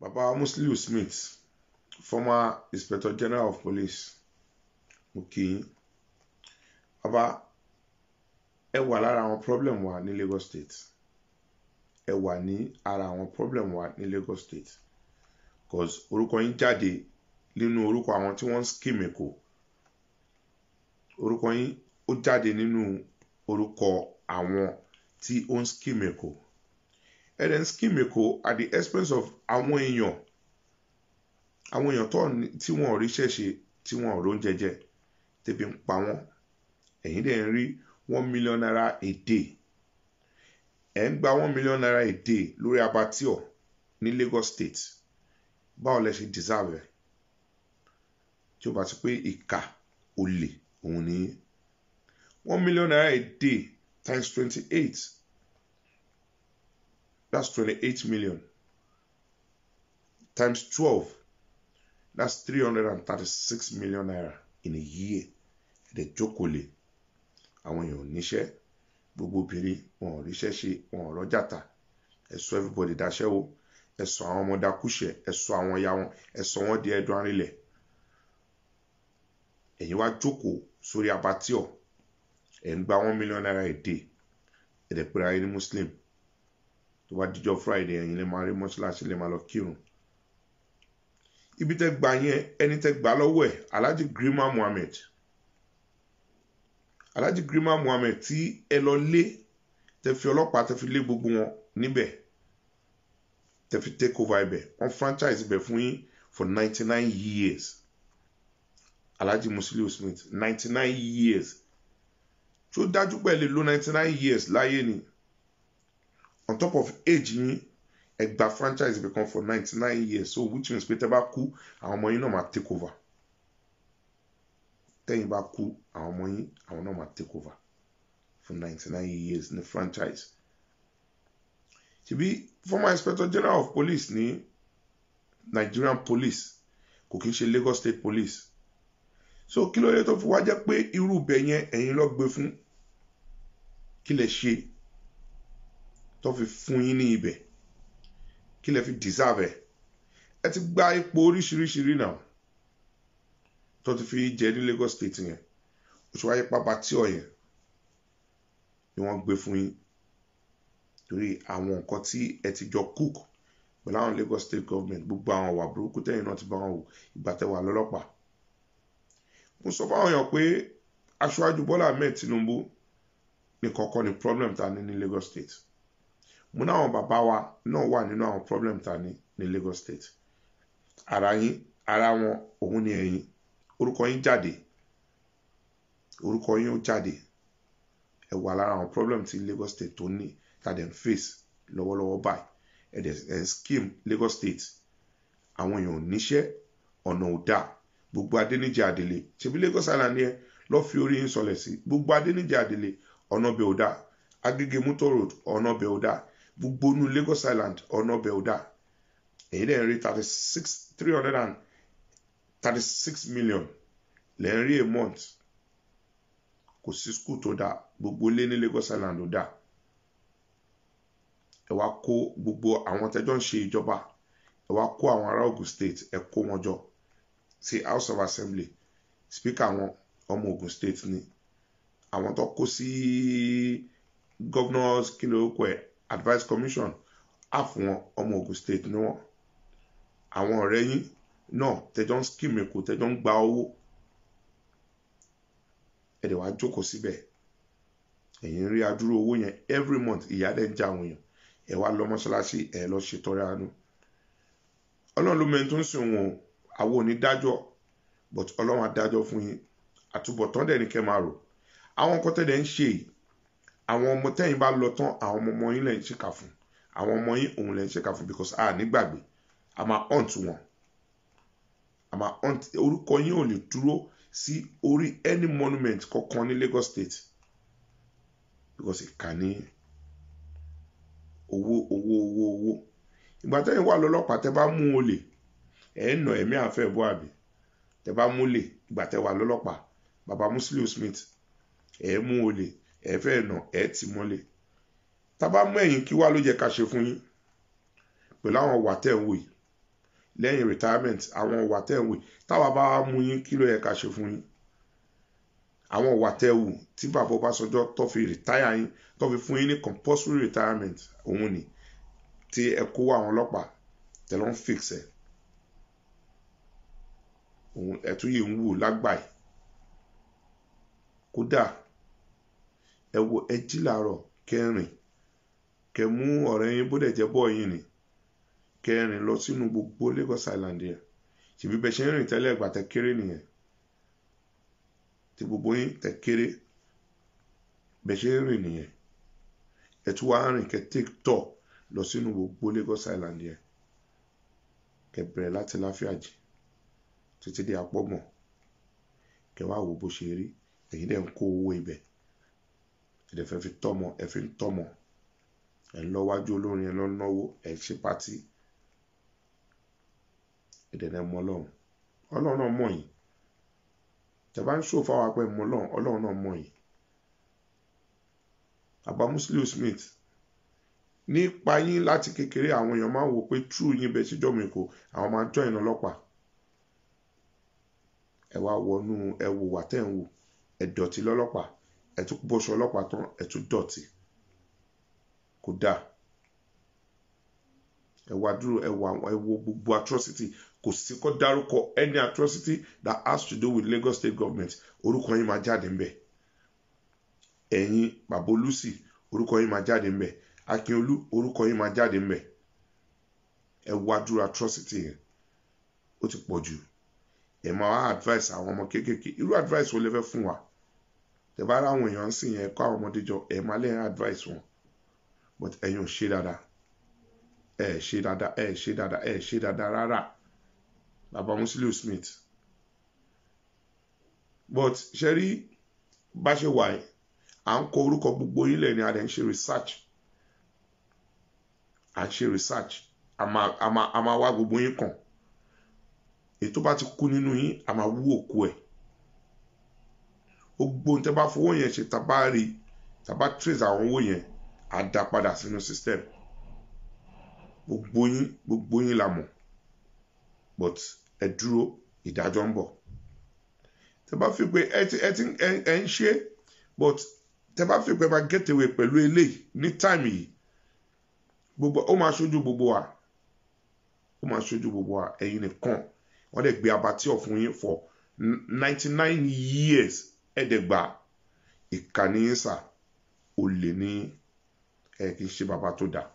Baba Musliu Smith, former Inspector General of Police, mo kì í. Baba ẹ wà lára àwọn problem wa ní Lagos State. Ẹ wà ní ara àwọn problem wa ní Lagos State. Cause orúkọ yín jáde nínú orúkọ àwọn tí wọ́n ń skim Èkó. Orúkọ yín ó jáde nínú orúkọ àwọn tí ó ń skim Èkó ẹ dẹ̀ ń skim èkó at the expense of àwọn èèyàn àwọn èèyàn tó tí wọn ò ríṣẹ́ ṣe tí wọn ò róúnjẹ jẹ tẹ́bi ń pa wọ́n ẹ̀yin dẹ̀ ń rí one million naira a day ẹ̀ ń gba one million naira a day lórí abattoir ní Lagos State báwo lẹ ṣe deserve ẹ̀ tí o bá ti pé ìkà olè òun nìyí one million naira a day times twenty-eight That's 28 million. Times 12. That's 336 million naira in a year. The jókòó lé. Àwọn èèyàn ò níṣẹ́. Gbogbo obìnrin wọn ò ríṣẹ́ ṣe wọn ò rọ́jà tà. Ẹ everybody daṣẹ́ wo. Ẹ sọ àwọn ọmọ dakúṣẹ̀. Ẹ sọ àwọn ìyá wọn. Ẹ sọ wọn di ẹdun arinlẹ̀. Ẹ̀yin wá jókòó sórí abatíọ̀. Ẹ̀ ń gba one million naira a day. Ẹ̀dẹ̀ pèrè ayé ní Muslim tó bá dijọ́ friday ẹ̀yin lè máa rí mọ́ṣáláṣí lè máa lọ kírun ibi tẹ́ gbà yẹn ẹni tẹ́ gbà lọ́wọ́ ẹ̀ alhaji grima muhammed alhaji grima muhammed tí ẹ lọ lé tẹ́ fi ọlọ́pàá tẹ́ fi lé gbogbo wọn níbẹ̀ tẹ́ fi take over ibẹ̀ wọ́n franchise ibẹ̀ fún yín for ninety nine years alhaji musiliu smith ninety nine years tó dájú pẹ̀lú lo ninety nine years láyé ni on top of age yín franchise gba franchise bìkan for ninety nine years so which means pé tẹ́ bá kú àwọn ọmọ yín náà máa take over tẹ́yìn bá kú àwọn ọmọ yín àwọn náà máa take over for ninety nine years ní franchise ṣebí former inspector general of police ní Nigerian police kò kí ń ṣe Lagos state police so kí ló yẹ tó fi wá jẹ́ pé irú ibẹ̀ yẹn ẹ̀yin lọ gbé fún kí lẹ ṣe tó fi fún yín ní ibẹ̀ kí lẹ fi deserve ẹ ti gba ipò oríṣiríṣi rí náà tó ti fi jẹ ní Lagos State yẹn oṣù wáyé pápá tí ọ ni wọ́n gbé fún yín torí àwọn nǹkan tí ẹ ti jọ cook pẹ̀lú àwọn Lagos State government gbogbo àwọn wà burúkú tẹ́yìn náà ti bá wọn wò ìgbà tẹ́wà lọ́lọ́pàá mo sọ fáwọn èèyàn pé aṣáájú Bọ́lá Ahmed Tinubu ní kọ́kọ́ ni problem ta ní ní Lagos State mo ní àwọn bàbá wa náà wà nínú àwọn problem ta ni ní Lagos State ara yín ara wọn òun ni ẹ̀yin orúkọ yín jáde orúkọ yín ó jáde ẹ wà lára àwọn problem ti Lagos State tó ní tàdé ń face lọ́wọ́lọ́wọ́ báyìí ẹ̀dẹ̀ ẹ̀ scheme Lagos State àwọn èèyàn ò níṣẹ́ ọ̀nà ò dáa gbogbo adéníjẹ àdèlè ṣebí Lagos Island ni ẹ lọ fi orí yín sọlẹ̀ sí gbogbo adéníjẹ àdèlè ọ̀nà bẹ̀ ò dáa Agége Motor Road ọ̀nà bẹ̀ ò dáa gbogbo inú Lagos Island ọ̀nà ọbẹ̀ ò dáa èyí dẹ̀ ń rí thirty six three hundred and thirty six million lẹ́ ń rí a month kò sí school tó dáa gbogbo ilé ní Lagos Island ò dáa ẹ wá kó gbogbo àwọn tẹjọ ń ṣe ìjọba ẹ wá kó àwọn ará Ogun State ẹ kó wọn jọ sí House of Assembly speaker wọn ọmọ Ogun State ni àwọn tó kó sí governors kí ló kọ ẹ advice commission àfọwọn ọmọ Ogun state ni wọn àwọn ọ̀rẹ́ yín náà tẹjọ ń skim èkó tẹjọ ń gba owó ẹdẹ wàá jókòó síbẹ̀ ẹ̀yin rí adúrú owó yẹn every month ìyá dẹ ń já àwọn èèyàn ẹ wá lọ mọ́ṣáláṣí ẹ lọ ṣètọrẹ àánú Ọlọ́run ló mẹni tó ń sìn wọn àwọn onídájọ́ but Ọlọ́run adájọ́ fún yín àtúbọ̀tán dẹ ní kẹ́ máa rò àwọn nǹkan tẹdẹ ń ṣe yìí àwọn ọmọ tẹ́yìn bá lọ tán àwọn ọmọ ọmọ yín lẹ́yìn ṣèkà fún àwọn ọmọ yín òun lẹ́yìn ṣèkà fún because a nígbàgbé a máa hunt wọn a máa hunt orúkọ yín ò lè dúró sí orí any monument kankan ní Lagos State because ìkà ní owó owó owó owó ìgbà tẹ́yìn wà lọ́lọ́pàá tẹ́ bá mú olè ẹ̀ ń nà ẹ̀mí àfẹ́ bọ́ àbí tẹ́ bá mú olè ìgbà tẹ́ wà lọ́lọ́pàá baba Musiliu Smith ẹ̀ mú olè ẹ fẹ́ nà ẹ ti mọ́lẹ̀ tábà mú ẹ̀yìn kí wá ló yẹ ká ṣe fún yín pẹ̀lú àwọn ọ̀wà tẹ̀ ń wò yìí lẹ́yìn retirement àwọn ọ̀wà tẹ̀ ń wò yìí táwa bá mú yín kí ló yẹ ká ṣe fún yín àwọn ọ̀wà tẹ̀ wò tí bàbá Ọbásanjọ́ tó fi retire yín tó fi fún yín ní compulsory retirement òun ni tí ẹ kó àwọn ọlọ́pàá tẹ̀ ló ń fix ẹ̀ òun ẹ̀ tún yìí ń wò lágbàáyé kódà ẹ wo ẹ jí làárọ̀ kẹrin kẹ mú ọ̀rẹ́ yín bó dẹ̀ jẹ́ bọ́ yín ni kẹrin lọ sínú gbogbo Lagos Island yẹn ṣèbí bẹ ṣe ń rìn tẹ́lẹ̀ ìgbà tẹ kéré nìyẹn tí gbogbo yín tẹ kéré bẹ ṣe ń rìn nìyẹn ẹ tún wá rìn kẹ take tour lọ sínú gbogbo Lagos Island yẹn kẹ bẹ̀rẹ̀ láti láfíàjì títí dé apọ́gbọ̀n kẹ wá wo bó ṣe rí èyí dẹ̀ ń kó owó ibẹ̀ ẹ̀dẹ̀ fẹ́ fi tọ́mọ ẹ fi ń tọ́mọ ẹ ń lọ́wájú olórin ẹ lọ́ náwó ẹ ṣe pátì ẹ̀dẹ̀ náà mọ ọlọ́run ọlọ́run náà mọ̀ yìí tẹ bá ń ṣòwò fáwọn apẹ́ mọ ọlọ́run ọlọ́run náà mọ̀ yìí àbá Muslim Smith nípa yín láti kékeré àwọn èèyàn máa ń wò pé true yín bẹ síjọ́ mi kò àwọn máa ń jọ ìran ọlọ́pàá ẹ wá wọnú ẹ wò wà tẹ́ ń wò ẹ dọ̀tí lọ́lọ́pàá ẹ tún bọ́ṣọ ọlọ́pàá tán ẹ tún dọ̀tí kò dáa ẹ wá dúró ẹ wá ẹ wo gbogbo atrocity kò sí kó dárúkọ any atrocity that has to do with Lagos state government orúkọ yín máa jáde ńbẹ ẹ̀yin bàbá olùsì orúkọ yín máa jáde ńbẹ Akínolú orúkọ yín máa jáde ńbẹ ẹ wá dúró atrocity yẹn ó ti pọ̀ jù ẹ máa advice àwọn ọmọ kéékèèké irú advice wo lẹ fẹ́ fún wa tẹ bá ra àwọn èèyàn sìn yẹn kó àwọn ọmọdé jọ ẹ má lè advice wọn but ẹ̀yin ò ṣe dáadáa ẹ ṣe dáadáa ẹ ṣe dáadáa ẹ ṣe dáadáa rárá bàbá Musiliu Smith but ṣe rí bá ṣe wà yìí à ń kọ orúkọ gbogbo ilẹ̀ ni a lè ń ṣe research à ń ṣe research a máa a máa a máa wá gbogbo yín kàn ètò bá ti kú nínú yín a máa wú òkú ẹ̀ gbogbo ohun tẹ́ bá fowó yẹn ṣe tàbá rí tàbá trace àwọn owó yẹn á dá padà sínú system gbogbo yín gbogbo yín la mọ̀ but ẹ dúró ìdájọ́ ń bọ̀ tẹ́ bá fi pé ẹ ti ẹ ti ẹ ń ṣe but tẹ́ bá fi pé máa get away pẹ̀lú eléyìí ní táìmì yìí gbogbo ó máa ṣojú gbogbo wa ó máa ṣojú gbogbo wa ẹ̀yin nìkan wọ́n dẹ̀ gbé abatí ọ̀fun yín for ninety nine years ẹ̀ẹ́dẹ̀gbà ìkànnì yín sà olè ní ẹ kì ṣe bàbá tó dáa